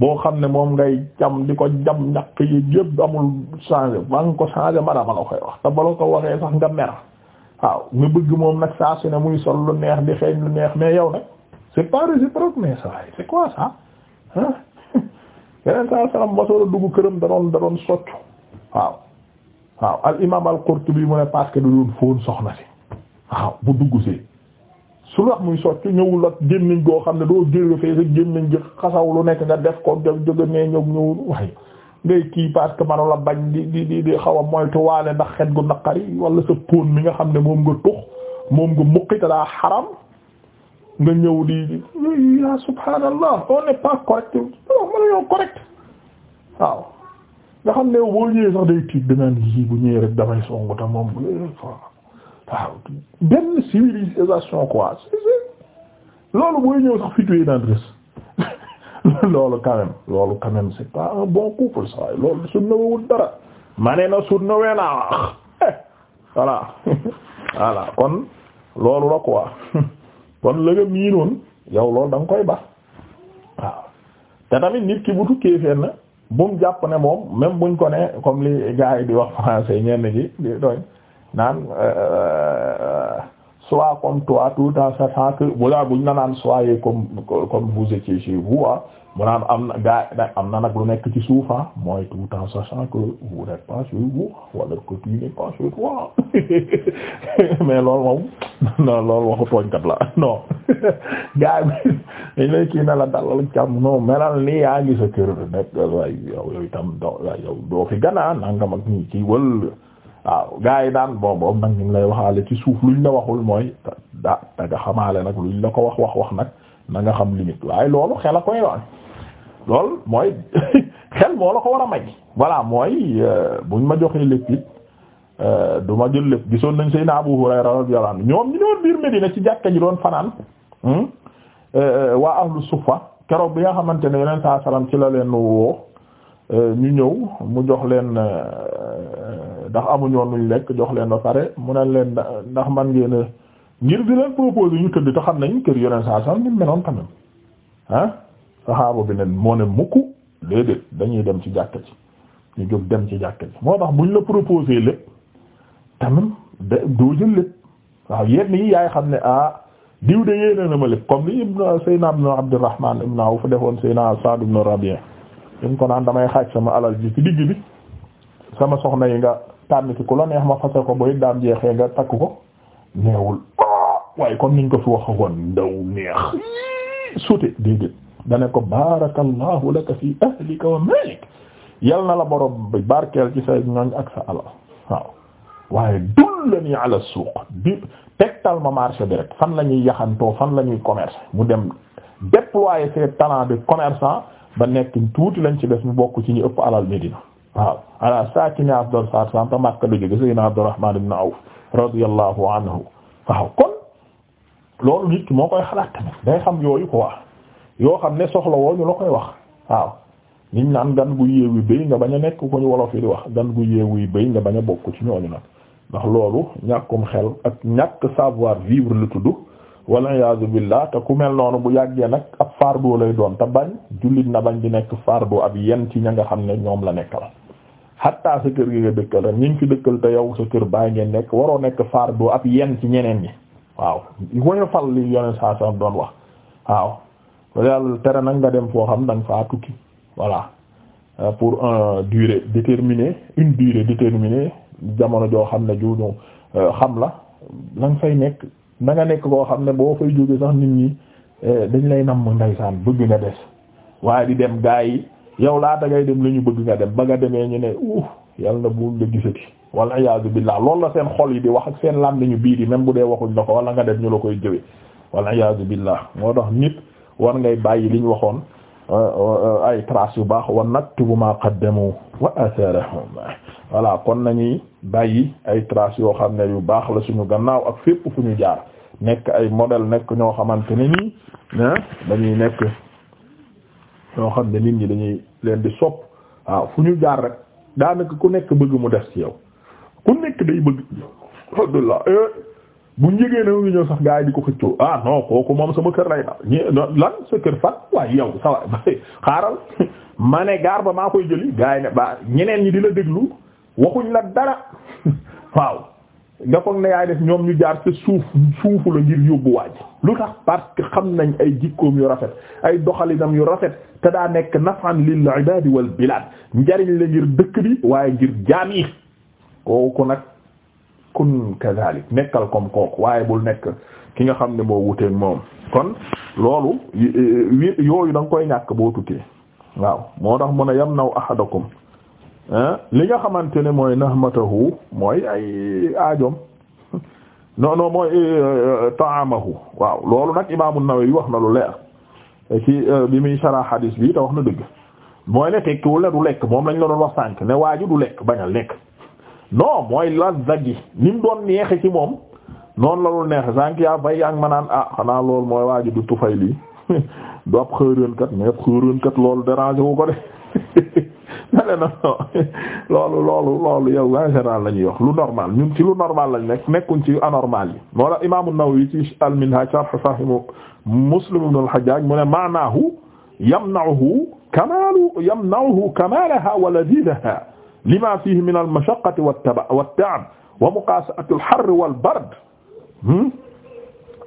boo xam ne moom ngay jam di ko jam ñaq yi yëpp amul changé maa ngi ko changé mara ma la koy wax te bala ko waxee sax nga mer waaw nga bëgg moom nag saa su ne muy sol lu neex di xeeñ lu neex mais yow nag c'est pas réciproque mais ça dugg këram da doon da doon soccu waaw waaw al imam al Qurtubi mu ne parce que da doon fóon soxna si waaw bu dugg si. su wax muy soccu ñëwul ak gémmiñ goo xam ne doo jël fee sa gémmiñ gi xasaw lu nekk nga def ko jóg jóge nee ñëw ñëwul waaye ngay kii parce que manu la bañ di di di di xaw a moytuwaale ndax xet gu naqari wala sa póon mi nga xam ne moom nga tux moom nga muqi te daa xaram nga ñëw di ya subhanallah on pas correct mën ñoo correct waaw nga xam ne boo ñëwee sax day tiit danaan yii bu ñëwee rek damay songu te moom waaw benn civilisation quoi loolu mooy ñëw sax fi tuye naan loolu quand loolu quand même pas un bon couple ça loolu sunnawawul dara ma ne na sunnawee naa wax eh, voilà voilà kon loolu la quoi kon la nga miinoon yow loolu da koy ba waaw te tamit nit ki bu tukkee fenn bu mu jàpp ne moom même buñ ko ne comme li gars di wax français ñenn ji di doy naan euh, euh, euh, sois comme toi tout en sachant que wala buñ na naan soyez comme comme vous étiez chez vous ah naan am na gaa na nag lu nekk ci suufa ah, mooy tout en sachant que vous n'êtes pas chez wala que tu n'es pas chez toi mais loolu moom non loolu waxu tooñkat la na la dalal càmm non melal ni yaa ngi sa kër nekk waaye yow yow itam doo fi gannaaw nangam ak ñi ci wël. waaw gars yi daan bon boobu nag ñu ngi lay waxaale ci suuf luñ la waxul mooy da da nga xamaale nag luñ la ko wax wax wax nag na nga xam limite waaye loolu xel a koy lool mooy xel moo la ko war a may voilà mooy euh, buñ ma joxee lépp it euh, du ma jël lépp gisoon nañ Seydina Abu Hurayra radiyallahu anhu ñoom ñu doon biir Medina ci jàkka ji doon fanaan hmm? euh, waa ahlu suffa keroog bi nga xamante ne yeneen saa salaam ci la leen woo ñu ñëw mu jox leen. ndax amuñu woon luñ lekk jox leen ba pare mu ne leen ndax man ngeen ngir di leen proposer ñu tëdd te xam ñu kër yoneen saa saa ni mu menoon tamit ah saxaaba bi ne moo ne mukk déedéet dañuy dem ci jàkka ci ñu jóg dem ci jàkka ci moo tax buñ la proposer lépp tamit de doo jël lépp waaw yenn yi yaay xam ne ah diw de yéene na ma lépp comme li ibnu Seydina ibnu Abdurrahman ibnu Awf defoon Seydina Sa'd ibnu Rabi' ñu ko naan damay xaaj sama alal ji ci digg tànn ki ku la neex ma fase ko booy daam jeexee nga takk ko neewul ah, waaye comme niñ ko fi wax woon ndaw neex sute déedéet dane ko barakallahu laka fi ahlika ko malik yal na la borom bi barkeel ci say ñooñ ak sa alal waaw waaye dullani ala suuq bi tegtal ma marché bi rek fan la ñuy yaxantoo fan la ñuy commerce mu dem déployer ses talents de commerçant ba nekk tuuti lañ ci def mu bokk ci ñu ëpp alal Medina waaw ala sakini afdal sat santa Makka la na sayyidina Abdurrahman ibn Awf radiyallahu anhu waaw kon loolu nit moo koy xalaat tamit day xam yooyu ko wax yoo xam ne soxla woo ñu la koy wax waaw niñ naan gan gu yeewu bëy nga bañ a nekk ko ñu wolof yi di wax gan gu yeewu bëy nga bañ a bokk ci ñooñu nag ndax loolu ñàkkum xel ak ñàkk savoir vivre lu tudd wal iyaazu billah te ku mel noonu bu yàggee nag ab fardeau lay doon te bañ jullit na bañ di nekk fardeau ab ci ña nga xam ne ñoom la nekk xatta sa kër gi nga dëkkal rek ñu ngi fi dëkkal te yow sa kër baa ngeen nekk waroo nekk faar doo ab yenn ci ñeneen ñi waaw woyofal li yoneen saa saa doon wax waaw yàlla tere nag nga dem foo xam da nga faa voilà euh, pour un durée déterminée une durée déterminée jamono joo xam ne juñu euh, xam la la fay nekk na nekk koo xam ne boo fay jógee sax nit ñi euh, dañ lay namm ndeysaan bëgg nga des waaye di dem gaa yi yow laata ngay dem la ñu bëgg nga dem ba nga demee ñu ne uuf yal na buum la gisati wala iyaazu billaah loolu la seen xol yi di wax ak seen làmmiñu bii di même bu dee waxuñ la ko wala nga dem ñu la koy jëwe wala iyaazu billaah moo tax nit war ngay bàyyi liñ waxoon euh, euh, ay traces yu baax wa naktubu ma qaddamu wa atharahum voilà kon nañuy bàyyi ay traces yoo xam ne yu baax la suñu gannaaw ak fépp fu ñu jaar nekk ay modèle nekk ñoo xamante ne nii dañuy nekk ñoo xam ne nit ñi dañuy leen di sopp waaw fu ñu jaar rek daanaka ku nekk bëgg mu def ci yow ku nekk day bëgg alhamdulillah eh, bu njëgee na mu ngi ñëw sax gaa yi di ko xëccoo ah non kooku moom sama kër lay dal ñi lan sa kër fan waaye yow sa waay xaaral ma ne gaar ba maa koy jëli gaa yi ne ba ñeneen ñi dina déglu waxuñ la dara waaw nga foog ne yaay def ñoom ñu jaar ca suuf suufu la ngir yóbbuwaaj lu tax parce que xam nañ ay jikkoom yu rafet ay doxalinam yu rafet te daa nekk nafan lil ibadi wal bilad njariñ la ngir dëkk bi waaye ngir jaam yi kooku nag kun kadhalik nekkal comme kooku waaye bul nekk ki nga xam ne moo wuteen moom kon loolu yooyu da koy ñàkk boo tukkee waaw moo tax mën a yam naw ahadakum li nga xamante ne mooy nahmatahu mooy ay aajom non non mooy euh, euh, taamahu waaw loolu nag imaamu Nawawi wax na lu leer ci euh, bi muy sarah hadis bi te wax na dëgg mooy ne tekkiwul ne du lekk moom lañ la doon wax sànk ne waa ji du lekk bañ a lekk non mooy lazza gi ni doon neexe ci moom noonu la doon neexe sànk yaa bay ak ma naan ah xanaa lool mooy waa ji du tufay lii du ab xërënkat mais ab xërënkat loolu dérange wu ko de mane na loolu loolu loolu yow en général la ñuy wax lu normal ñun ci lu normal lañ nekk nekkuñ ci anormal yi moo la imaamu Nawawi ci al-Minhaj sharh Sahih Muslim ibn al-Hajjaj mu ne maanaahu yamna'uhu kamaalu yamna'uhu kamaalaha wa ladiidaha lima fihi min al-mashaqqati wat-ta'b wa muqaasa'ati al-harr wal-bard hmm?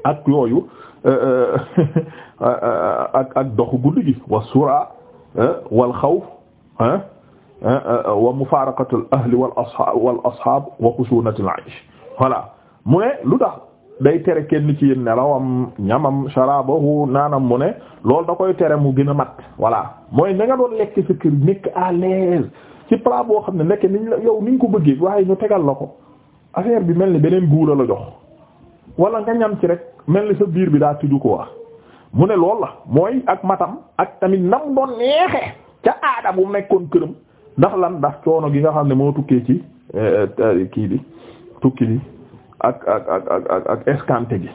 ak yooyu ak ak doxu guddi gi wa sura Ah, wal xaw ah, ah, wa mufaaraqatul ahli voilà mu ne lu tax day tere kenn ci yéen nelawam ñamam sharabahu naanam mu ne loolu da koy tere mu gën a mat voilà mooy na doon lekk sa kër nekk à l'aise ci plat boo xam ne nekk niñ la yow niñ ko bëggee waaye ñu tegal la ko affaire bi mel ni beneen guura la jox wala nga ñam ci rek mel ni sa biir bi daa tëju ko wax mu ne loolu la mooy ak matam ak tamit nam doon neexe ca aada bu nekkoon këram ndax lan ndax coono gi nga xam ne moo tukkee ci euh, kii bi tukki bi ak ak ak ak gi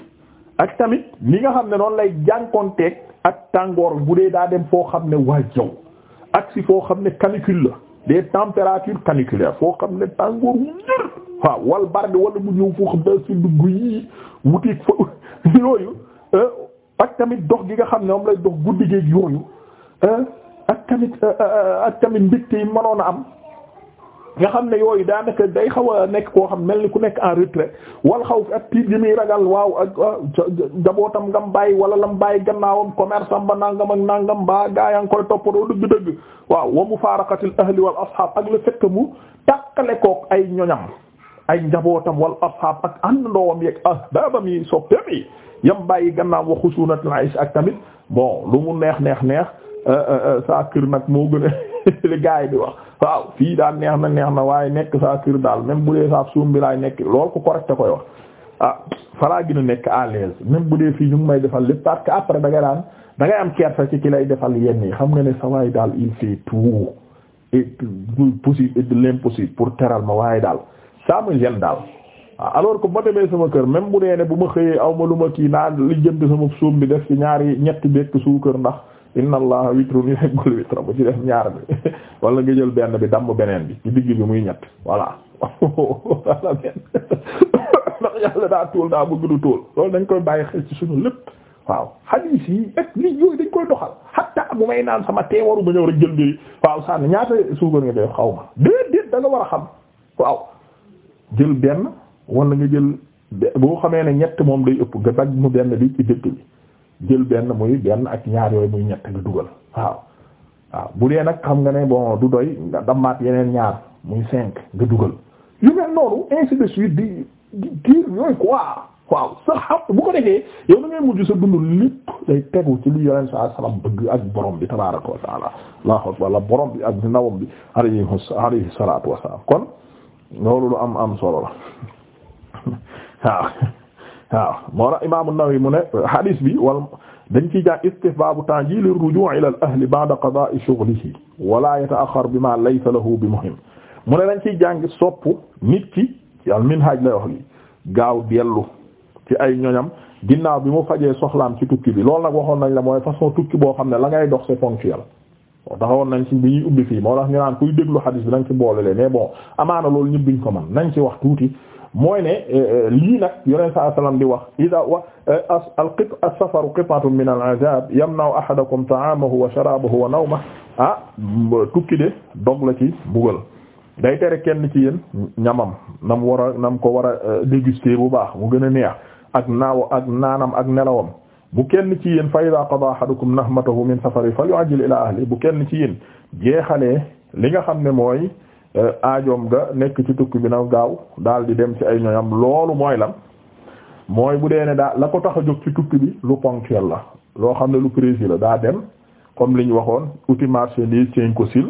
ak tamit li nga xam ne noonu lay jànkoon jànkoonteeg ak tàngoor bu dee daa dem foo xam ne waay jow ak si foo xam ne canicule la des température caniculaires foo xam ne tàngoor wu njër waaw wal barde wala mu ñëw foo xam daa si dugg yii wuteeg fa yooyu euh, ak tamit dox gi nga xam ne moom lay dox guddi géeg yooyu ak tamit euh, euh, euh, ak tamit mbégte yi a am nga xam ne yooyu daanaka day xaw a nekk koo xam mel ni ku nekk en retrait wal xaw fi ak tiit gi muy ragal waaw ak ah, nga ngam bàyyi wala lam bàyyi gannaawam commerce am ba nangam ak nangam ba gaayangi koy toppadoo dëgg-dëgg waaw wa mufaaraqatil ahli wal ashab ak le fait mu tàqale kook ay ñoñam ay njabootam wal ashab ak ànd ndoowam yeeg ahbabam yi soppeem yi yam bàyyi gannaaw wa xusunatul aish ak tamit bon lu mu neex neex neex euh, euh, euh, saa kër nag moo gën a li gars yi di wax waaw fii daal neex na neex na waaye nekk saa kër daal même bu dee saa suum bi laay nekk lool ko correct koy wax ah falaa gën a nekk à l'aise même bu dee fii ñu ngi may defal lépp parce que après da ngay daan da ngay am kersa ci ki lay defal yenn yi xam nga ne sa waay daal il fait tout et possible et de l'impossible pour teral ma waaye daal saa me gêne daal Ah, alors que bu ma demee sama kër même bu dee ne bu ma xëyee aw ma lu ma kii naa li jënd sama suum bi def ci ñaari ñetti bekk suukar ndax inna allaha witrun yuhibbul witra bu ci def ñaar bi wala nga jël benn bi damm beneen bi ci digg bi muy ñett voilà wala benn ndax yàlla daa tóol daa bëgg du tóol loolu dañ koy bàyyi xel ci suñu lépp waaw hadith yi ak li yooyu dañ koy doxal hatta bu may naan sama tee waru ba ñëw rek jël bi waaw sànni ñaata suukar nga xaw ma déedéet da a xam waaw benn wala nga jël boo xamee ne ñett moom day ëpp nga dagg mu benn bi ci dëkk bi jël benn muy benn ak ñaar yooyu muy ñett nga dugal waaw waaw bu dee nag xam nga ne bon du doy nga dammaat yeneen ñaar muy cinq nga dugal yu mel noonu ainsi de suite di di yooyu quoi waaw sa xam bu ko defee yow da ngay mujj sa dund lépp day tegu ci li yoneen sa salam bëgg ak borom bi tabaraka wa taala allahu akbar borom bi ak ndawam bi alayhi alayhi salatu wasalaam kon loolu lu am am solo waaw waaw moo tax imaam an-Nawawi mu ne hadis bi wal dañ ciy jàng istihbaabu ta'jiil ar-rujuu' ila al-ahli ba'da qadaa'i shughlihi wa laa yata'axxar bimaa laysa lahu bi muhim mu ne dañ ciy jàng sopp nit ki ci al-Minhaaj lay wax li gaaw dellu ci ay ñoñam ginnaaw bi mu fajee soxlaam ci tukki bi lool nag waxoon nañ la mooy façon tukki boo xam ne la ngay dox c'est ponctuel moo taxawoon nañ ci bi ñuy ubbi fii moo tax ñu naan kuy déglu hadis bi nañ ci boole lee mais bon amaana loolu ñëpp duñ ko man nañ ci wax tuuti mooy ne euh, euh, lii nag yonent saa sallam di wax ida wa euh, al qit as-safaru qit'atun min al-azab yamna'u ahadakum ta'amahu ah, tukki de dog la ci mbugal day tere kenn ci yéen ñamam nam war a ko war a déguster bu baax mu gën a neex ak naaw ak naanam ak nelawam bu kenn ci yéen fa ida qada ahadukum nahmatahu min safari falyu'ajjil ila ahli bu kenn ci yéen jeexalee li nga xam ne mooy Euh, aajoom ga nekk ci tukki bi na gaaw daal di dem ci ay ñoñam loolu mooy lan mooy bu dee ne daal la ko tax a jóg ci tukki bi lu ponctuel la loo xam ne lu précis la daa dem comme li ñu waxoon outil marchandise ceeñ ko sil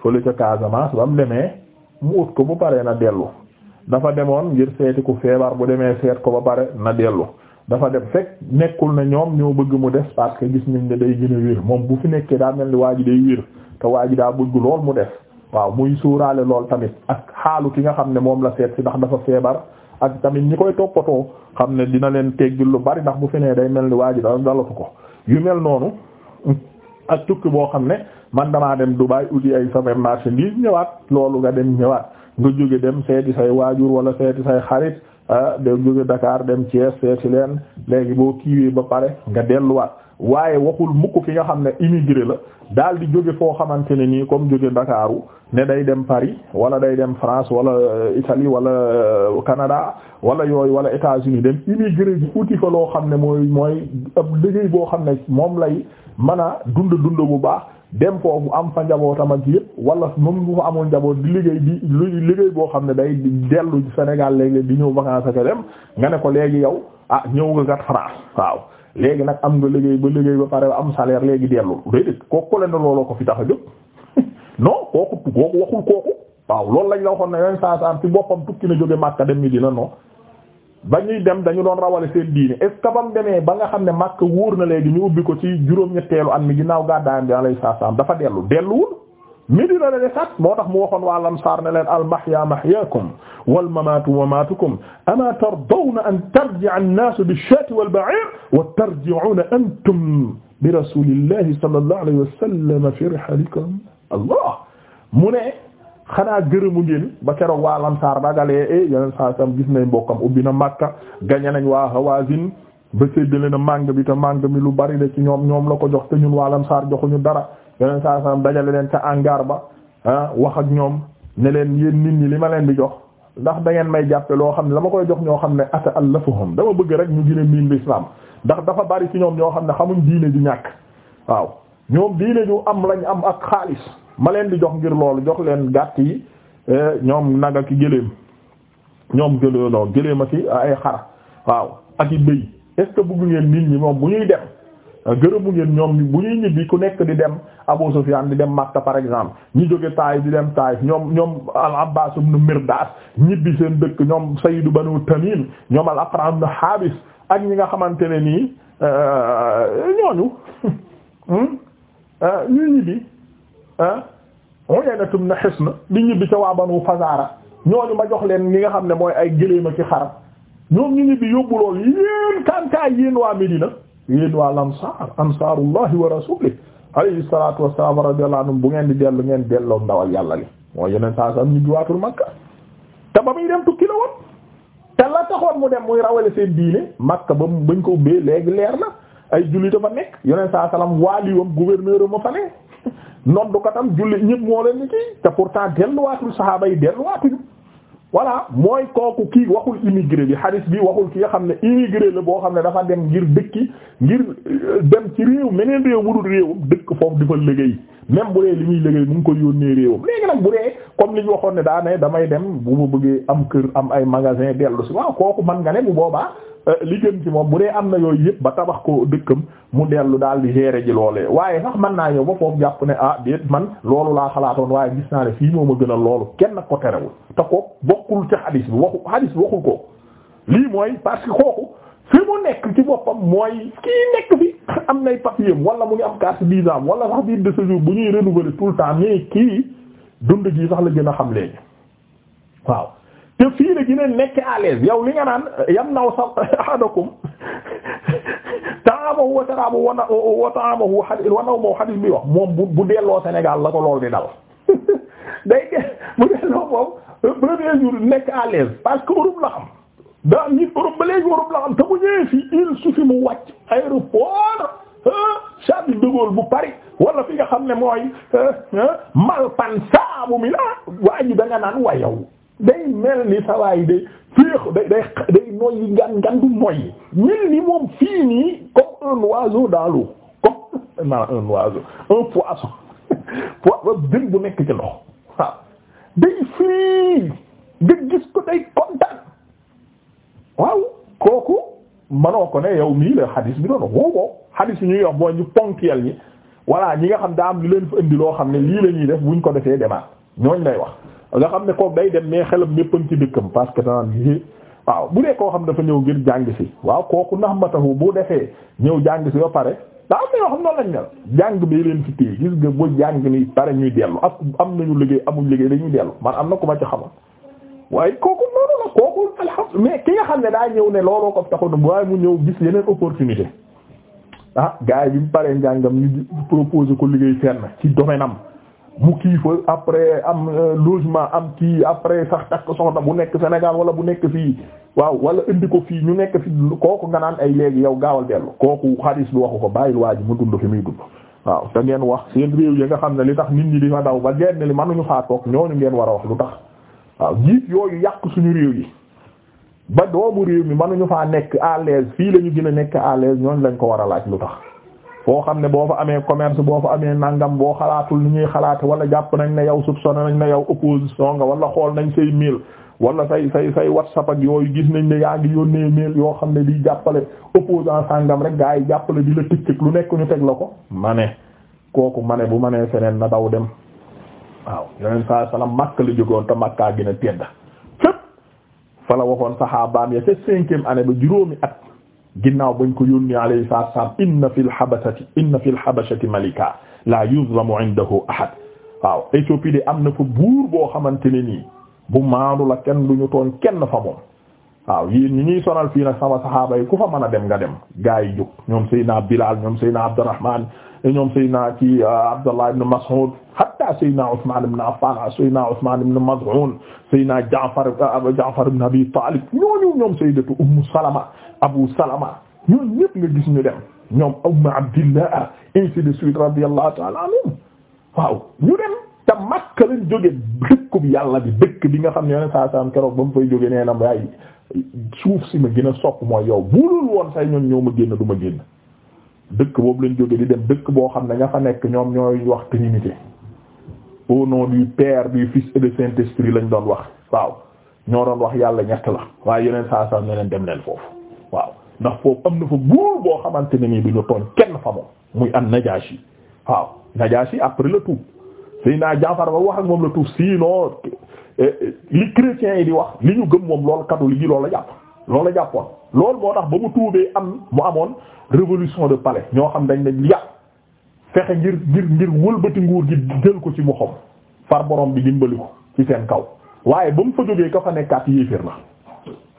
fële ca Casamance ba mu demee mu ut ko bu paree na dellu dafa demoon ngir seeti ku feebar bu demee seet ko ba pare na dellu dafa dem fekk nekkul na ñoom ñoo bëgg mu des parce que gis nañ ne day gën a moom bu fi nekkee daa mel ni waaj ji day te waa ji daa bëgg mu des waaw muy suuraale lool tamit ak xaalu ki nga xam ne moom la seet si ndax dafa feebar ak tamit ñi koy toppatoo xam ne dina leen teggil lu bari ndax bu fi nee day mel ni waa ji dara dalatu ko yu mel noonu ak tukki boo xam ne man damaa dem du Dubaï uti ay samay marchandises ñëwaat loolu nga dem ñëwaat nga jóge dem seeti say waajur wala seeti say xarit ah dem jóge Dakar dem Thiès seeti leen léegi boo kiiwee ba pare nga delluwaat waaye waxul mukk ki nga xam ne immigré la daal di jóge foo xamante ne nii comme jóge Ndakaaru ne day dem Paris wala day dem France wala euh, Italie wala euh, Canada wala yooyu wala États-Unis dem immigré ji uti fa loo xam ne mooy mooy ab liggéey boo xam ne moom lay mën a dund dund bu baax dem foofu am fa njabootam ak yëpp wala moom bu fa njaboot di liggéey di liggéey boo xam ne day dellu Sénégal léeg di ñëw vacances ak dem nga ne ko léegi yow ah ñëw nga kat France waaw. léegi nag am nga liggéey ba liggéey ba pare am salaire léegi dellu déedéet kooku leen na looloo ko fi tax a jóg non kooku kooku waaw loolu lañ la waxoon saa saa ci tukki na jóge Makka dem Medina no ba ñuy dem dañu doon rawale seen diine est ba mu demee ba nga xam ne Makka wóor na léegi ñu ubbi ko ci juróom-ñetteelu at mi ginnaaw gàddaayam bi alayhi salaam dafa dellu delluwul Medina la desat moo tax mu waxoon waa Ansaar ne leen al-mahyaa mahyaakum wal-mamaatu mamaatukum amaa tardawna an tarji'a an-naasu bi-shaati wal-ba'iir wa tarji'uuna antum bi rasuulillaahi sallallaahu alayhi wa sallam fii rihalikum Allah mu ne xanaa gërëmu ngeen ba keroog waa Ansaar bagalee e yeneen saa sam gis nañ mbokkam ubbi na Makka gañe nañ waa Hawaazin ba séddale na màng bi te màng mi lu bari de ci ñoom ñoom la ko jox te ñun waa Ansaar joxuñu dara yeneen saa dajale leen ca angar ba ah, wax ak ñoom ne leen yéen nit ñi li ma leen di jox ndax da ngeen may jàppe loo xam ne la koy jox ñoo xam ne ata allafuhum dama bëgg rek ñu gën a miin l'islam ndax dafa bari ci ñoom ñoo xam ne xamuñ diine ju ñàkk waaw ñoom diine ju am lañ am ak xaalis ma leen di jox ngir loolu jox leen gàtt yi eh, ñoom naga ki gëléem ñoom gëléem gëléem a ci ay xar waaw ak i bëy est ce ngeen nit ñi moom bu ñuy dem Ah, gërëmu ngeen ñoom bu ñuy ñibbi ku nekk di dem Abu Sufyan di dem Makka par exemple ñu jóge Taayif di dem Taayif ñoom ñoom al-Abbas ibn Mirdas ñibbi seen dëkk ñoom Sayyidu Banu Tamim ñoom al-Aqra ibn Habis ak ñi nga xamante ne nii euh, ñooñu hmm? euh, ñuy ñibbi ah woyenatum na xis na di ñibbi ca waa Banu Fazara ñooñu ma jox leen ñi nga xam ne mooy ay gëléem ak xar ñoom ñu ñibbi yóbbu lool yéen kankaay yéen waa Medina yéen wal ansaar ansaarullahi wa rasuulihi alayhi salaatu wassalaam radiyallahu anhum bu ngeen di dellu ngeen delloo ndawal yàlla li moo yeneen saa sam ñu giwaatul makka te ba muy dem tukki la woon te la taxoon mu dem muy rawale seen diine makka ba mu bañ ko ubbee léegi leer na ay julli dafa nekk yoneen saa salaam waaliwam gouverneur am ma fa ne noddukatam julli ñëpp moo leen ni kii te pourtant delluwaatul saxaaba yi delluwaatuñu voilà mooy kooku kii waxul immigré bi hadith bi waxul ki nga xam ne immigré la boo xam ne dafa dem ngir dëkki ngir euh, dem ci réew meneen réew mu dul réewam dëkk foofu di fa liggéey même bu dee li muy liggéey mu ko yónnee réewam léegi nag bu dee comme li ñu waxoon ne daa damay dem bu ma bëggee am kër am ay magasin dellu si waaw kooku man nga ne bu boobaa Euh, li gën ci moom bu dee am na yooyu yëpp ba tabax ko dëkkam mu dellu daal di gérer ji loolee waaye sax man naa ñëw ba foofu jàpp ne ah déet man loolu laa xalaatoon waaye gis naa ne fii moom a gën a loolu kenn ko terewul te ko bokkul ci xadis bi waxu xadis bi waxul ko lii mooy parce que kooku fi mu nekk ci boppam mooy kii nekk fi am nay papier wala mu ngi am carte visa am wala sax biir de séjour bu ñuy renouveler tout le temps mais kii dund gi sax la gën a xam léegi te fii la gën nekk à l'aise yow li nga naan yam naw sa ahadakum ta'amahu wa sarabu wana wa ta'amahu hadith wa nawmahu hadith wax moom bu bu delloo Sénégal la ko lool di dal day bu delloo moom premier jour nekk à parce que Europe la xam daa nit Europe ba léegi Europe la xam te bu ñëwee fii il suffit mu wàcc aéroport Charles de bu Paris wala fi nga xam ne mooy Malpensa bu Milan waa ji da nga naan waa yow day mel ni sawaay day féex day day day noyyi ngan ngan du noyyi mel ni moom fii nii comme un oiseau dans comme un oiseau un poisson bu nekk ci ndox day fii nga gis ko day kontaan waaw kooku manoo ko ne yow mii la xadis bi doon woowoo xadis ñuy wax boo ñu ponctuel ñi voilà ñi nga xam daa am lu leen fa indi loo xam ne lii la ñuy def buñ ko defee demaat ñooñ lay wax nga xam ne ko day dem mais xelam ñéppañ ci dëkkam parce que danaan waaw bu dee koo xam dafa ñëw ngir jàng si waaw kooku nax matahu bu defee ñëw jàng si ba pare daa am na yoo bi leen fi téye jàng ni pare ñuy dellu ak am nañu liggéey amuñ liggéey dañuy dellu man am na ko ma ci xamal waaye kooku noonu la kooku alhamdu mais ki nga xam ne daa ñëw ne looloo ko taxoon waaye mu ñëw gis yeneen opportunité ah gars yi bi mu paree njàngam ñu proposé ko liggéey fenn ci domaine am mu kii fa après am euh, logement am kii après sax takk soxna bu nekk Sénégal wala bu nekk fii waaw wala indi ko fii ñu nekk fi kooku nga naan ay léegi yow gaawal dellu kooku xadis bi waxu ko bàyyil waa ji mu dund fi muy dund waaw te ngeen wax seen réew yi nga xam ne li tax nit ñi di ma daw ba genn li mënuñu faa toog ñooñu ngeen war a wax lu tax waaw jiit yooyu yàq suñu réew yi ba doomu réew mi mënuñu faa nekk à fii la ñu gën a nekk à l'aise lañ ko war a laaj lu tax foo xam ne boo fa amee commerce boo fa amee nangam boo xalaatul ni ñuy xalaat wala jàpp nañ ne yow soupçonné nañ na yow opposition nga wala xool nañ say mail wala say say say whatsapp ak yooyu gis nañ ne yaa ngi yónnee mail yoo xam ne di jàppale opposant sangam rek gaa yi jàppale di la ticc lu nekk ñu teg la ko ma ne kooku ma ne bu ma nee feneen na daw dem waaw yeneen saa la Makka la jógoon te Makka gën a tedd fépp fa la waxoon saxaabaam ya ba juróomi at ginnaaw bañ ko yónnee alayhi salaatu salaam inna fil habasati inna fil habashati malika la yuzlamu indahu ahad waaw Éthiopie de am na fa buur boo xamante ne nii bu maandu la kenn duñu tooñ kenn fa moom waaw yéen ñi ñuy sonal fii nag sama saxaaba yi ku fa mën a dem nga dem gaa yi jóg ñoom Seydina Bilal ñoom Seydina Abdurrahman ñoom Seydina ci euh, Abdallah ibn Mas'ud hatta Seydina Usman ibn Affan Seydina Usman ibn Maz'un Seydina Jaafar euh, Jaafar ibn Abi Talib ñooñu ñoom Sayyidatu Ummu Salama Abu Salama ñun ñëpp nga gis ñu dem ñoom Ummu Abdillah ainsi de suite radiyallahu ta'ala anhum waaw ñu dem te Makka lañ jóge dëkk bi yàlla bi dëkk bi nga xam ne yoneen saa saam keroog ba mu fay jóge nee na waaye suuf si ma gën a sopp mooy yow bulul woon say ñoon ñoo ma génn du ma génn dëkk boobu lañ jóge di dem dëkk boo xam ne nga fa nekk ñoom ñooy wax trinité au nom du Père du Fils et Saint-Esprit lañ doon wax waaw ñoo doon wax yàlla ñett la waaye yeneen saa saa ne foofu waaw ndax foofu am na fa buur boo xamante ne nii du ñu tooñ kenn fa moom muy an Najaashi waaw Najaashi après le tout Seydina Jaafar ba wax ak moom la si sinon eh, eh, li chrétiens yi di wax li ñu gëm moom loolu catholique yi loolu la jàpp loolu la jàppoon lool moo tax ba mu tuubee am mu amoon révolution de palais ñoo xam dañ ne yàq fexe ngir ngir ngir wëlbati nguur gi jël ko ci mu xom far borom bi dimbali ko ci seen kaw waaye ba mu fa jógee ka fa nekkaat yéeféer la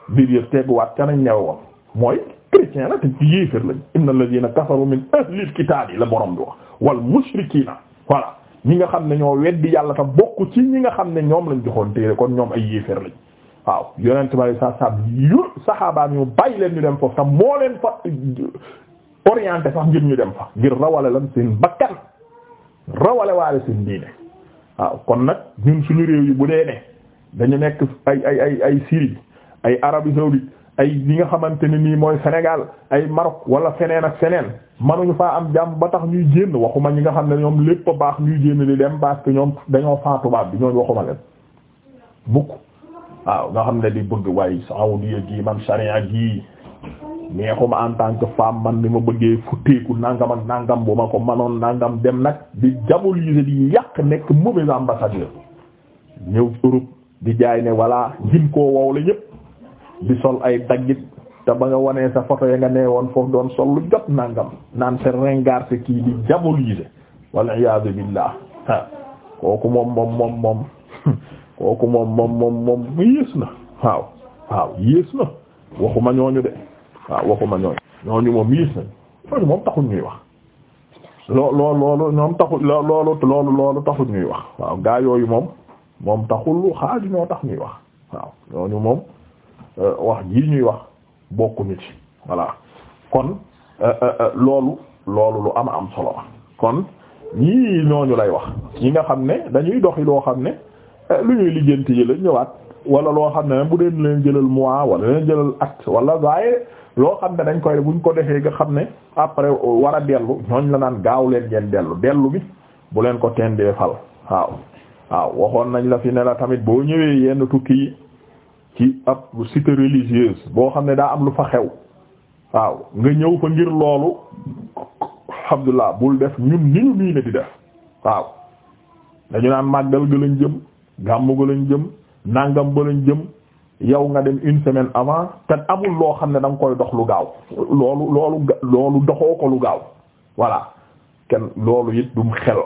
biir yëpp teguwaat ca nañ ñewe mooy chrétien la te yéefér lañ inna alladina kafaru min ahlil kitaabi la borom bi wax wal mushrikiina voilà ñi nga xam ne ñoo weddi yàlla te bokk ci ñi nga xam ne ñoom lañ joxoon téere kon ñoom ay yéefér lañ waaw yonent ma alei saatu salam leen ñu dem foofu te moo leen fa orienté sax ngir ñu dem fa ngir rawale lan seen bakkan rawale waale seen diine waaw kon nag ñun suñu réew yi bu dee ne dañu nekk ay ay ay ay Syrie ay Arabie saoudite ay yi nga xamante ne nii mooy Sénégal ay Maroc wala feneen ak seneen feneen ñu faa am jàmm ba tax ñuy génn waxuma ñi nga xam ne ñoom lépp baax ñuy génn di dem baax que ñoom dañoo faatubaab bi ñooñ waxuma leen mukk waaw nga xam ne di bëgg waaye saoudia gi man sharia gi neexuma en tant que femme man ni ma bëggee futteeku nangam ak nangam bu ma ko manoon nangam dem nag di diaboliser di yàq nekk mauvais ambassadeur ñëw Europe di jaay ne voilà ngin koo wow ñëpp di sol ay daggit te ba nga wanee sa photo ya nga nee woon foofu doon sol lu jot nangam naan sa ringard kii di diaboliser walla iyaadu billah kooku moom moom moom moom kooku moom moom moom moom yées na waaw waaw yées na waxuma ñooñu de waaw waxuma ñooñu ñooñu moom yées na ñooñu moom taxul ñuy wax loo loo loolu ñoom taxul loolu taxul ñuy wax waaw gaa yooyu moom moom taxul xaaju ñoo tax ñuy wax waaw ñooñu moom Euh, wax jii ñuy wax bokkuñu ci voilà kon euh, euh, loolu loolu lu am am solo kon ñii ñooñu lay wax ñi nga xam ne dañuy doxi loo xam ne lu ñuy lijjanti yi la ñëwaat wala loo xam ne bu deen leen jëlal mois wala leen jëlal wala waaye loo xam ne dañ koy buñ ko defee nga xam ne après war a dellu ñooñ la naan gaaw leen ngeen dellu dellu bi bu leen ko tendee fal waaw waaw waxoon nañ la fi ne la tamit boo ñëwee yenn tukki yi ci ab cité religieuse boo xam ne daa am lu fa xew waaw nga ñëw fa ngir loolu alhamdulilah bul def ñun ni ñu nii ne di def waaw dañu naan màggal ga jëm gàmm ga lañ jëm nàngam ba lañ jëm yow nga dem une semaine avant te amul loo xam ne da nga koy dox lu gaaw loolu loolu doxoo ko lu gaaw voilà kenn loolu it dum xel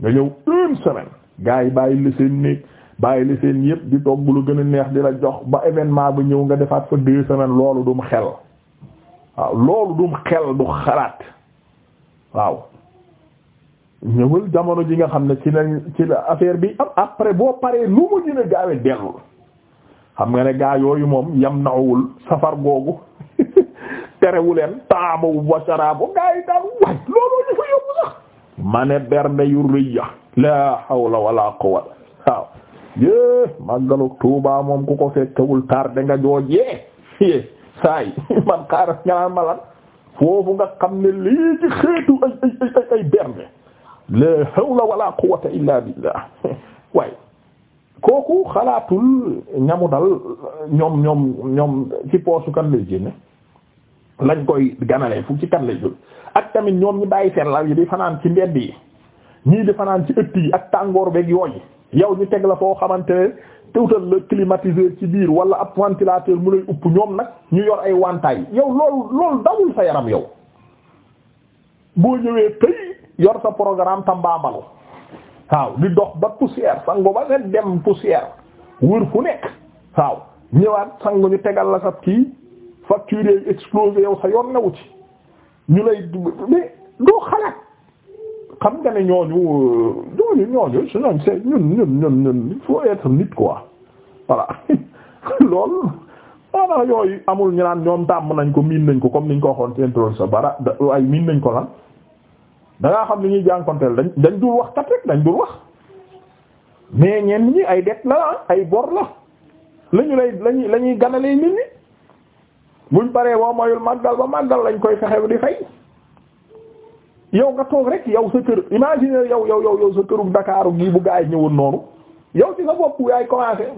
nga ñëw une semaine gars yi bàyyi la seen néeg bàyyi li seen yépp di togg lu gën a neex di la jox ba événement ba ñëw nga defaat fa deux semaines loolu dum xel waaw loolu dum xel du xalaat waaw ñëwal jamono ji nga xam ne ci la ci la affaire bi am après boo paree lu mu gën a gaawe dellul xam nga ne gaa yooyu moom yam nawul safar googu terewu leen taamu wa sharaabu gaa yi daal waay looloo ñu fa yóbbu sax ma ne bernde yu rëy laa hawla wala quwwata waaw yée màggalu Tuubaa moom ku ko fekkewul tardé nga joojee yée saay man xaaral nga naan ma foofu nga xam ne lii ci xeetu ay ay ay ay bernde la hawla wala quwwata illa billah waaye kooku xalaatul ñamu dal ñoom ñoom ñoom ci poosu kan lay génne lañ koy ganale fu ci kan lay jóg ak tamit ñoom ñu bàyyi seen lal yi di fanaan ci mbedd yi ñii di fanaan ci ëtt yi ak tàngoor beeg yooyu yow ñu teg la foo xamante ne tewtal la climatiseur ci biir wala ab ventilateur mu lay upp ñoom nag ñu yor ay wantaay yow loolu loolu dawul sa yaram yow boo ñëwee tey yor sa programme tambaambalu waaw di dox ba poussière sangu ba set dem poussière wër fu nekk waaw ñëwaat sangu ñu tegal la sa kii facture yi explosé yow sa yoon newu ci ñu lay mais doo xalaat xam nga ne ñooñu ñooñu ñooñu su ñooñ c'est ñun ñun ñun ñun il faut être nit quoi voilà loolu maanaam yooyu amul ñu naan ñoom tàmm nañ ko miin nañ ko comme niñ ko waxoon ci introduction sa bara ay miin nañ ko la da xam ni ñuy jànkonteel dañ dañ dul wax kat rek dañ dul wax mais ñenn ñi ay det la ay bor la lañu lay lañuy lañuy ganalee nit ñi buñ paree boo mayul màggal ba màggal lañ koy fexe di fay yow nga toog rek yow sa kër imagine yow yow yow yow sa këru Dakar gii bu gaa yi ñëwoon noonu yow ci sa bopp ay commencé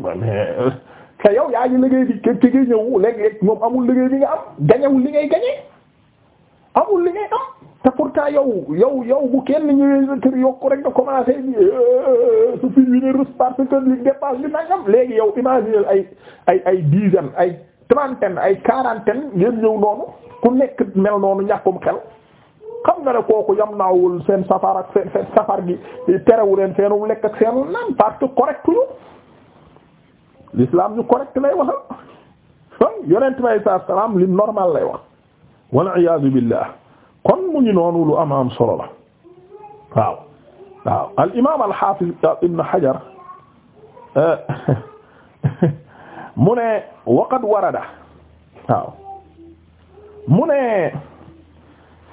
te yow yaa ngi liggéey bi kër kër ñëw léeg moom amul liggéey bi nga am gañewul li ngay gañee amul li ngay am te yow yow yow bu kenn ñëwee sa kër rek nga commencé bi euh, euh, su fi yu ne rus li dépense bi léegi yow imagine ay ay ay dizaine ay trentaine ay quarantaine ngeen ñëw noonu ku nekk mel noonu ñàkkum xel xam nga ne kooku yam naawul seen safar ak seen normal lay wax wal iyaazu kon mu ngi noonu lu solo la waaw waaw al imaam al ibn hajar eh, mu ne waqad warada waaw mu ne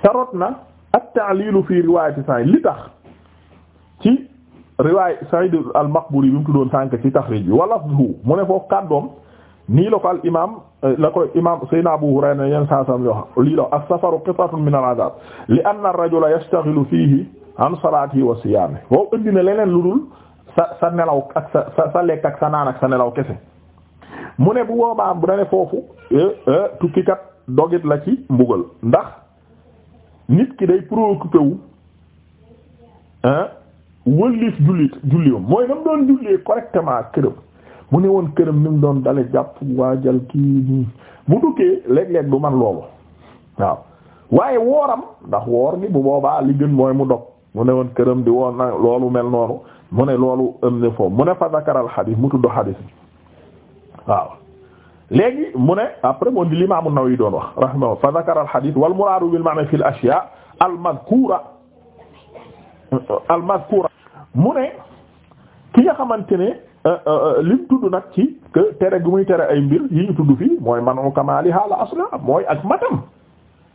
tarot na ak taalilu fii riwaayati Sa'id li tax ci riwaay Sa'id al-Maqburi bi mu tuddoon sànk ci taxrij bi wa lafzuhu mu ne foofu kàddoom nii la ko al imaam la koy imaam Seydina Abu Hurayra yenn saa sam yoo xam lii la as-safaru qit'atun min al-'adab li anna ar-rajula yashtaghilu fihi an salatihi wa siyamihi indi na leneen lu dul sa sa nelaw ak sa sa lekk ak sa naan ak sa nelaw kese mu ne bu boobaa bu ne foofu eh, eh, tukkikat dogit la ci mbugal ndax. nit ki day préoccupé wu ah wëlif jullit julliwam mooy na mu doon jullee correctement këram mu ne woon këram ni mu doon dale jàpp waajal kii nii bu duggee léeg du man loolu waaw waaye wooram ndax woor ni bu boobaa li gën mooy mu dog mu ne woon këram di woon na loolu mel noonu mu ne loolu am ne foofu mu ne fa zakaral xadiis mu tudd xadiis waaw léegi mu ne après moo di l'imam an-Nawawi doon wax rahimahu fa dhakara al-hadith wal muradu bil ma'na fi al-ashya al-madhkura al-madhkura mu ne ki nga xamante ne euh, euh, lim tudd nag ci tere gu muy tere ay mbir yi ñu tudd fii mooy manu kamaali haala asla mooy ak matam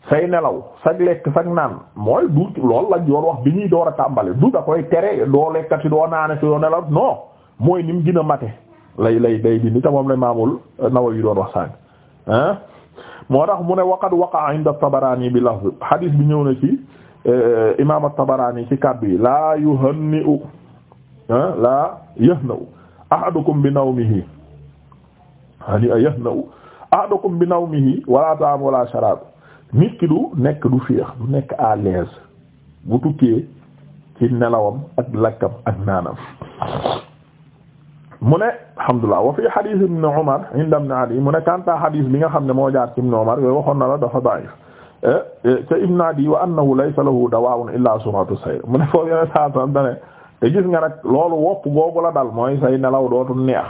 say nelaw sag lekk sag naan mooy du loolu lañ yoon wax bi ñuy door a tàmbali du da koy tere doo lekkati doo naane si doo nelaw non mooy ni mu gën a mate lay lay day dindi te moom la Imaamul Nawawi doon wax moo tax mu ne waqad waqa'a inda Tabarani bi lafz hadith bi ñëw na ci eh, Imaam at ci kàddu yi laa yuhanni'u laa yahna'u ahadukum bi nawmihi hani a yahna'u ahadukum bi nawmihi wala ta'am wala sharab nit ki du nekk du féex du nekk à bu tukkee ci nelawam ak lakkam ak naanam mu ne alhamdulilah wa fi hadith ibn Umar inda ibn Adi mu ne kanta hadith bi nga xam ne moo jaar ci ibn Umar yooyu waxoon na la dafa da'if eh, eh, ca ibn am na wu laysa lahu dawaa'un illa sur'atu sayr mu ne foofu yeneen saa sant ne te gis nga nag loolu wopp boobu la dal mooy say nelaw dootul neex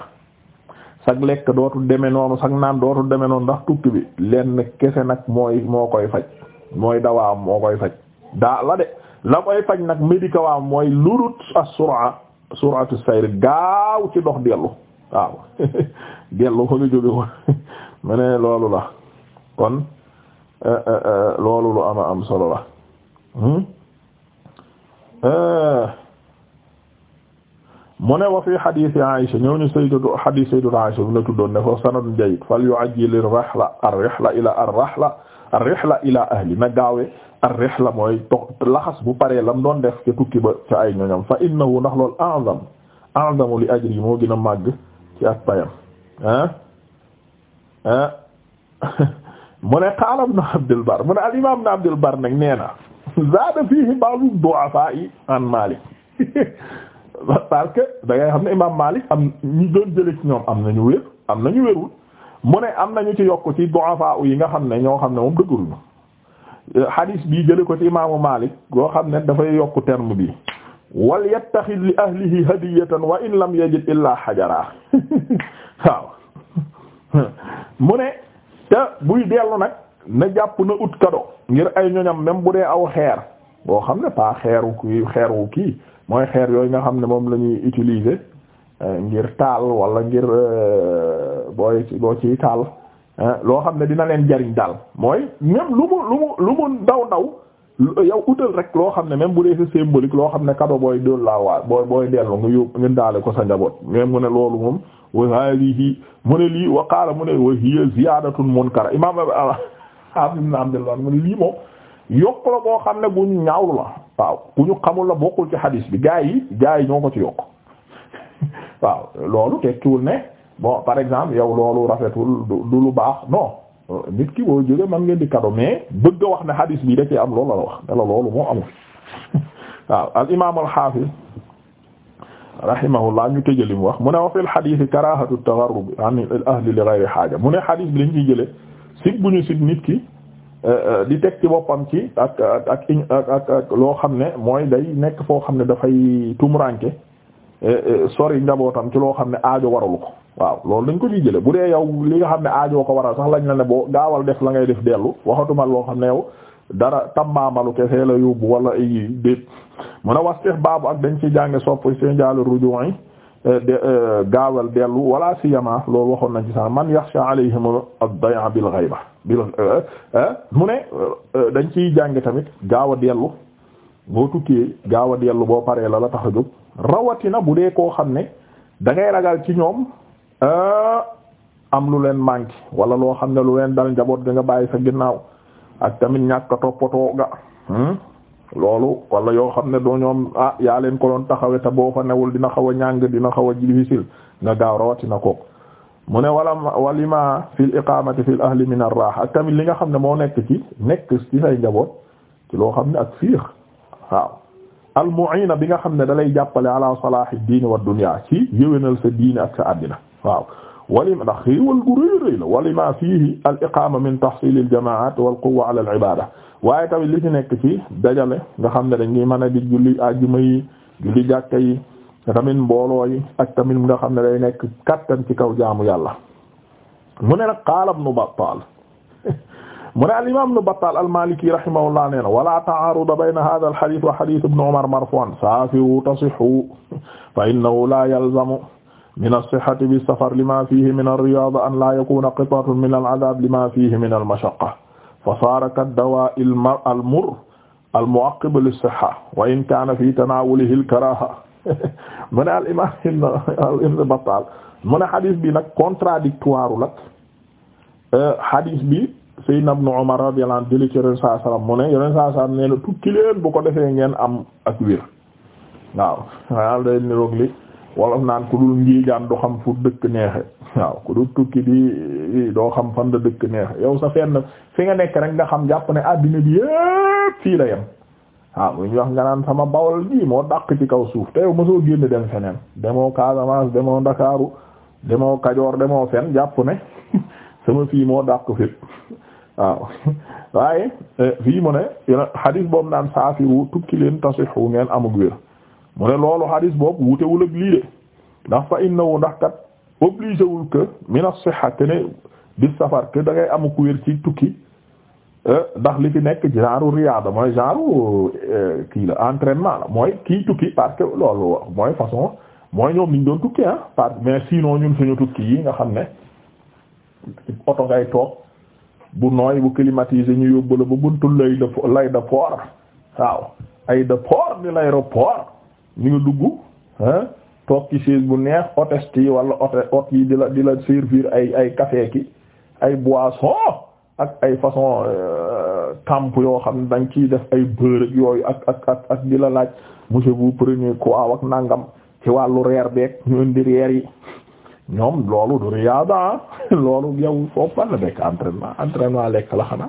sag lekk dootul demee noonu sag naan dootul demee noonu ndax tukki bi lenn kese nag mooy moo koy faj mooy dawaam moo koy faj daa la de la koy faj nag médicament mooy suratu sayr gaaw ci dox dellu waaw dellu fa nga jóge woon mu ne loolu la kon eh, eh, eh, loolu lu ama am solo la hmm? mu ne wa fi hadith Aisha ñëw ñu sayyidatu hadith sayyidatu Aisha bi la tuddoon ne fa sanad jayyid fal yu'ajjil ar-rihla ar-rihla ila ar-rihla ar-rihla ila ahli na gaawee ar-rihla mooy to laxas bu paree lam doon def ca tukki ba ca ay ñoñam fa innahu ndax loolu a'zam a'zamu li ajri moo gën a màgg ci ak payam ah ah mu ne qaala ibn Abdul Barr mu ne al-imam ibn Abdul Barr nag nee na zaada fiihi ba'du du'afaa'i an Maalik parce que da xam ne imam Maalik am ñu doon jële ci ñoom am nañu wér am nañu wérul mu ne am ñu ci yokk ci du'afa yi nga xam ne ñoo xam ne moom dëggaruñu hadis bii jële ko ci imaamu Maalik boo xam ne dafay yokk terme bi wal yattaxid li ahlihi hadiyatan wa in lam yajid illaa xajara waaw mu ne te buy dellu nag na jàpp na ut kado ngir ay ñoñam même bu dee aw xeer boo xam ne pas xeeru kii xeeru kii mooy xeer yooyu nga xam ne moom la ñuy utiliser Eh, ngir taal wala ngir eh, booy boo ciy taal eh, loo xam ne dina leen jariñ daal mooy même lu mu lu mu lu mu ndaw ndaw yow utal rek loo xam ne même bu dee c'est symbolique loo xam ne kado booy doon laa waa booy booy dellu nga yób nga daale ko sa njaboot même mu ne loolu moom wa hadihi mu ne lii wax qaala mu ne wa hiya ziyadatun munkara imam abim abdullah mu ne lii moom yokk la boo xam ne bu ñu ñaawlu la waaw ku ñu xamul la bokkul ci hadis bi gaa yi gaa yi ñoo ko ci yokk waaw loolu tekkiwul ne bon par exemple yow loolu rafetul du lu baax non nit ki boo jógee man ngeen di kado mais bëgg a wax ne hadis bi da cee am loolu la wax ne la loolu moo amul waaw al imaam al xaafiz rahimahullah ñu tëjee li mu wax mu ne wa fil hadith karaahatu at-tagharrub an al-ahli li ghayri haaja mu ne hadis bi lañ jëlee sib bu ñu sib nit ki eh, eh, di teg ci boppam ci ak ak ak ak loo xam ne mooy day nekk foo xam ne dafay tumuraanke Eh, eh, sori njabootam ci loo xam ne aajo waralu ko waaw loolu dañ ko ciy jële bu dee yow li nga xam ne aajo ko waral sax lañ la ne boo gaawal def la ngay def dellu waxatuma loo xam ne yow dara tammaamalu kese la yóbbu wala ay déet mun a wastih baabu ak dañ ci jànge sopp seen jaalu ruju'i eh, gaawal dellu wala siyama loolu waxoon nañ ci sax man yaxsha alayhim ad-day'a bil ghayba bil mu ne dañ ciy jànge tamit gaaw a dellu boo tukkee gaaw a dellu boo paree la la tax a jóg rawatina bu dee koo xam ne da ngay ragal ci ñoom euh, am lu leen manqué wala loo xam ne lu leen dal njaboot ga nga bàyyi sa ginnaaw ak tamit ñàkk a toppatoo ga hmm? loolu wala yoo xam ne doo ñoom a ah, yaa leen ko loon taxawee te boo fa newul dina xaw a ñàng dina xaw a difficile nga gaaw rawatina ko mu ne wala walima fil iqamati fil ahli min ar-raha ak tamit li nga xam ne moo nekk ci nekk ci say njaboot ci loo xam ne ak fiix al mu'ina bi nga xam ne dalay jàppale ala salaahi diini wa dunya ci yëwénal sa diini ak sa àddina waaw wali ndax xéewal gu rëy rëy la wali ma fiihi al iqama min tahsil al jamaat wal quwwa ala al ibada waaye tamit li ci nekk ci dajale nga xam ne dañuy mën a di julli àjjuma yi julli jàkka yi tamit mbooloo yi ak tamit nga xam ne day nekk kattan ci kaw jaamu yàlla mu ne nag qaala ibn Battal mu ne al imam ibn Battal al-Maliki rahimahullah nee na wala ta'aruda bayna hadha al-hadith wa hadith ibn Umar marfu'an safiru tasihhu fa innahu la yalzamu min as-sihhati bis-safar lima fihi min ar-riyada an la yakuna qit'atun min al-'adab lima fihi min al-mashaqqa fa sara kadawa'i al-murr al-mu'aqqib lis-sihha wa in kana fi tanawulihi al-karaha mu ne al imam ibn Battal mu ne hadith bi nag contradictoire lak eh, hadith bi Seydina Ibn Umar radiyallahu anhu jëli ci yoneen saa sallam mu ne yoneen saa sallam nee tukki leen bu ko defee ngeen am ak wér waaw waal day niroog li wolof naan ku dul njiijaan du xam fu dëkk neexe waaw ku dul tukki di doo xam fan la dëkk neexe yow sa fenn fi nga nekk rek nga xam jàpp ne àddina bi yépp fii la yem waaw lu ñu wax nga naan sama bawol bii moo dàq ci kaw suuf te yow mosoo génn dem feneen demoo Casamance demoo Ndakaaru demoo Kajoor demoo fen jàpp ne sama fii moo dàq fépp waaw waaye eh, fii mu ne xadis boobu naan saafiru tukki leen tasixu ngeen amug wér mu ne loolu xadis boobu wutewul ak lii de ndax fa innahu ndax kat obligé wul que min as-sihha te ne bi safar que da ngay amug wér ci tukki eh, ndax li fi nekk genre riyaada mooy genre eh, kii la entraînement la mooy kii tukki parce que loolu mooy façon mooy ñoom niñ doon tukki ah parce mais sinon ñun suñu tukki yi nga xam ne oto ngay toog bu nooy bu climatisé ñu yóbbu la ba buntul lay de lay de port waaw ay de port di l'aéroport ñu ngi dugg ah toog ci chaise bu neex hôtesse yi wala hôte ot yi di la di la servir ay ay café ki ay boisson ak ay façon camp euh, yoo xam ne dañ ciy def ay yooyu ak ak ak ak di la laaj monsieur nangam ci wàllu reer beeg ñu indi reer yi ñoom loolu du riyaada loolu yow foofu ban la nekk entraînement entraînement lekk la xanaa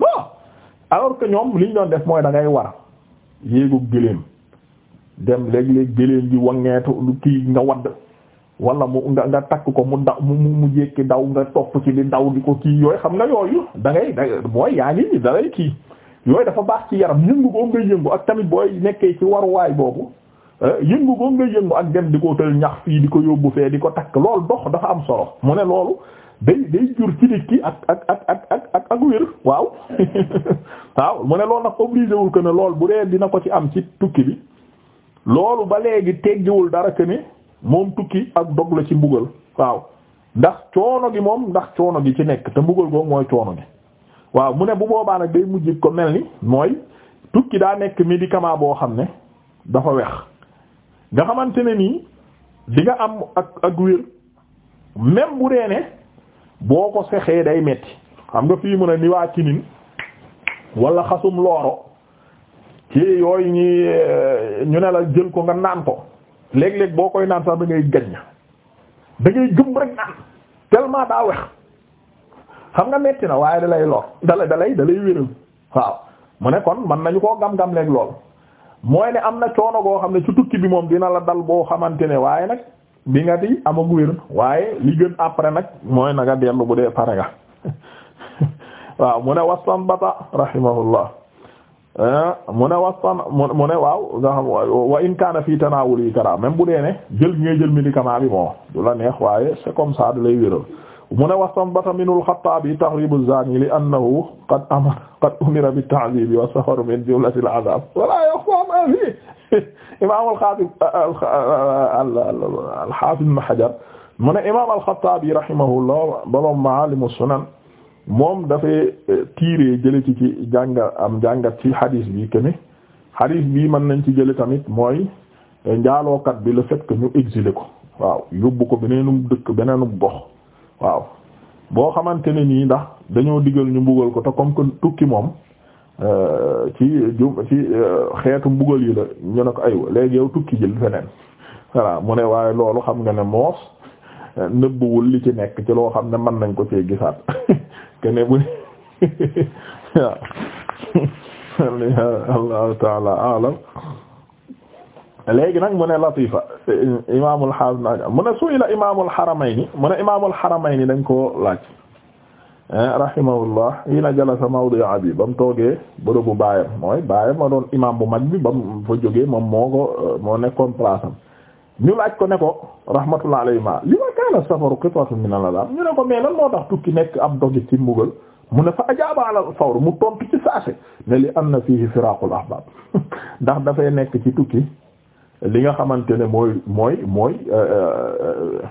non alors que ñoom liñ doon def mooy da ngay war yéegu gëléem dem léeg-léeg gëléem gi wangeetu lu kii nga wadd wala mu nga nga takk ko mu daw mu mu jékki ndaw nga topp ci di daw di ko kii yooyu xam nga yooyu da ngay da yaa ngi ni da ngay kii yooyu dafa baax ci yaram yëngu boobu ngay yëngu ak tamit booy nekkee ci waruwaay boobu Euh, yëngu ko nga yëngu ak gen di ko wutal ñax fii di ko yóbbu fee di ko takk loolu dox dafa am solo mu ne loolu day day jur ci nit ki ak ak ak ak ak wér waaw waaw mu ne lool nag obligé wul que ne lool bu dee dina ko ci am ci tukki bi loolu ba léegi teggiwul dara que ne moom tukki ak dog la ci mbugal waaw ndax coono gi moom ndax coono gi ci nekk te mbugal googu mooy coono gi waaw mu ne bu boobaa nag day mujj ko mel ni mooy tukki daa nekk médicament boo xam ne dafa weex. nga xamante ne nii di nga am ak ak wér même bu dee ne boo ko sexee day metti xam nga fii mu ne ni waa kinin wala xasum looro ci yooyu ñi eh, ñu ne la jël ko nga naan ko léeg-léeg boo koy naan sax da ngay gaññ da ngay gëm rek naan tellement daa wex xam nga metti na waaye da lay lor da lay da wéral waaw mu ne kon man nañu koo gam-gam léeg lool mooy ne am na coono goo xam ne ci tukki bi moom dina la dal boo xamante ne waaye nag bi nga di am ak wér waaye li gën après nag mooy na nga dellu bu dee pare nga waaw mu ne wastan bata rahimahullah eh, mu ne wastan mu ne waaw nga xam wa in kaana fii tanawul yi kara même bu dee ne jël bi ngay jël médicament bi moom du la neex waaye c'est comme ça da lay wéral mu ne wastanbata min al-Xattaabi taxriibu zaani li annahu qad amara qad umira bi-t-ta'ziibi was-safaru min jumlati al-'azaab wa laa yaxfaa maa fiihi imaam al-Xaatib al-Xaafiz Ibn Hajar mu ne imaam al-Xattaabi rahimahullah boroom Maalimu Sunan moom dafay tiiree jële ci ci jàngat am jàngat ci hadis bi que ni hadis bi mën nañ ci jële tamit mooy njaalookat bi le fait que ñu exilé ko waaw yóbbu ko beneenum dëkk beneenum gox. waaw boo xamante ne nii ndax dañoo digal ñu mbugal ko te comme que tukki moom euh, ci ju ci euh, xeetu mbugal yi la ñu ne ko aywa léegi yow tukki jël feneen voilà mu ne waaye loolu xam nga ne moos euh, nëbbuwul li ci nekk ci loo xam ne mën nañ ko cee gisaat kene bu waaw allahu taala alam léegi nag mu ne latifa imaamul xaas na mu ne su'ila imaamul xaramayni mu ne imaamul xaramayni dañ koo laaj rahimahullah hiina jalasa mawdi abi ba mu toogee bu bërëbu baayam mooy baayam ma doon imaam bu mag bi ba mu fa jógee moom moo ko moo nekkoon place ñu laaj ko ne ko rahmatullah alayhima li ma kaana safaru qit'atun min na adab ñu ne ko mais lan moo tax tukki nekk ab dogi ci mbugal mu ne fa ajaaba ala fawr mu tontu ci saase ne li anna fiihi firaaqul ahbaab ndax dafay nekk ci tukki li nga xamante ne mooy mooy mooy euh, euh, euh,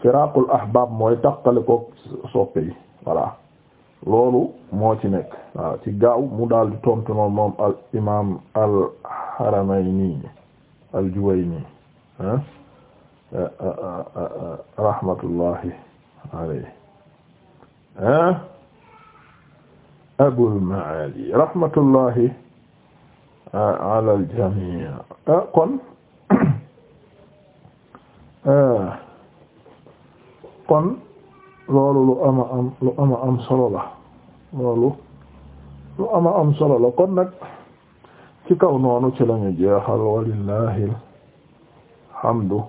firaqul ahbab mooy takkale ko soppe yi loolu moo ci nekk waaw ci gaaw mu daal tontu noonu moom al imaam al haramayni al juwayni rahmatullahi alayhi alal jamii kon kon loolu lu ama am lu ama am solo la loolu lu ama am solo la kon nag ci kaw noonu ci lañu jeexal walillahi alhamdu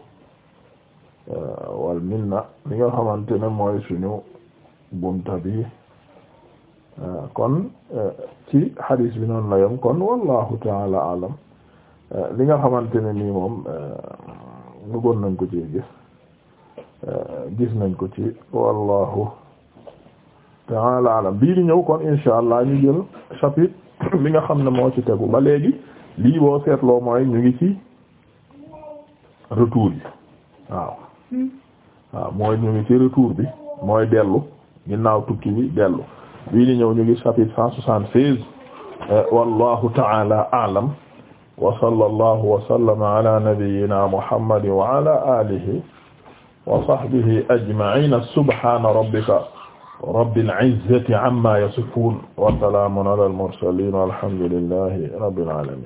wal minna li nga xamante ne mooy suñu bunta bi kon euh, ci hadis bi noonu la yem kon wallahu taala alam euh, li nga xamante ne nii moom euh, bëggoon nañ ko ci gis gis nañ ko ci wallahu taala alam bii di ñëw kon insha allah ñu jël chapitre li nga xam ne moo ci tegu ba léegi lii boo seetloo mooy ñu ngi ci retour yi waaw hmm. waaw mooy ñu ngi ci retour bi mooy dellu ginnaaw tukki bi dellu bii di ñëw ñu ngi chapitre cent soixante-seize wallahu ta'ala a'lam wa sallallahu wa sallama ala nabiyyina muhammadin wa ala alihi wa sahbihi ajma'in subhana rabbika rabbil izzati amma yasifun wa salamun ala al mursalin walhamdulillahi rabbil alamin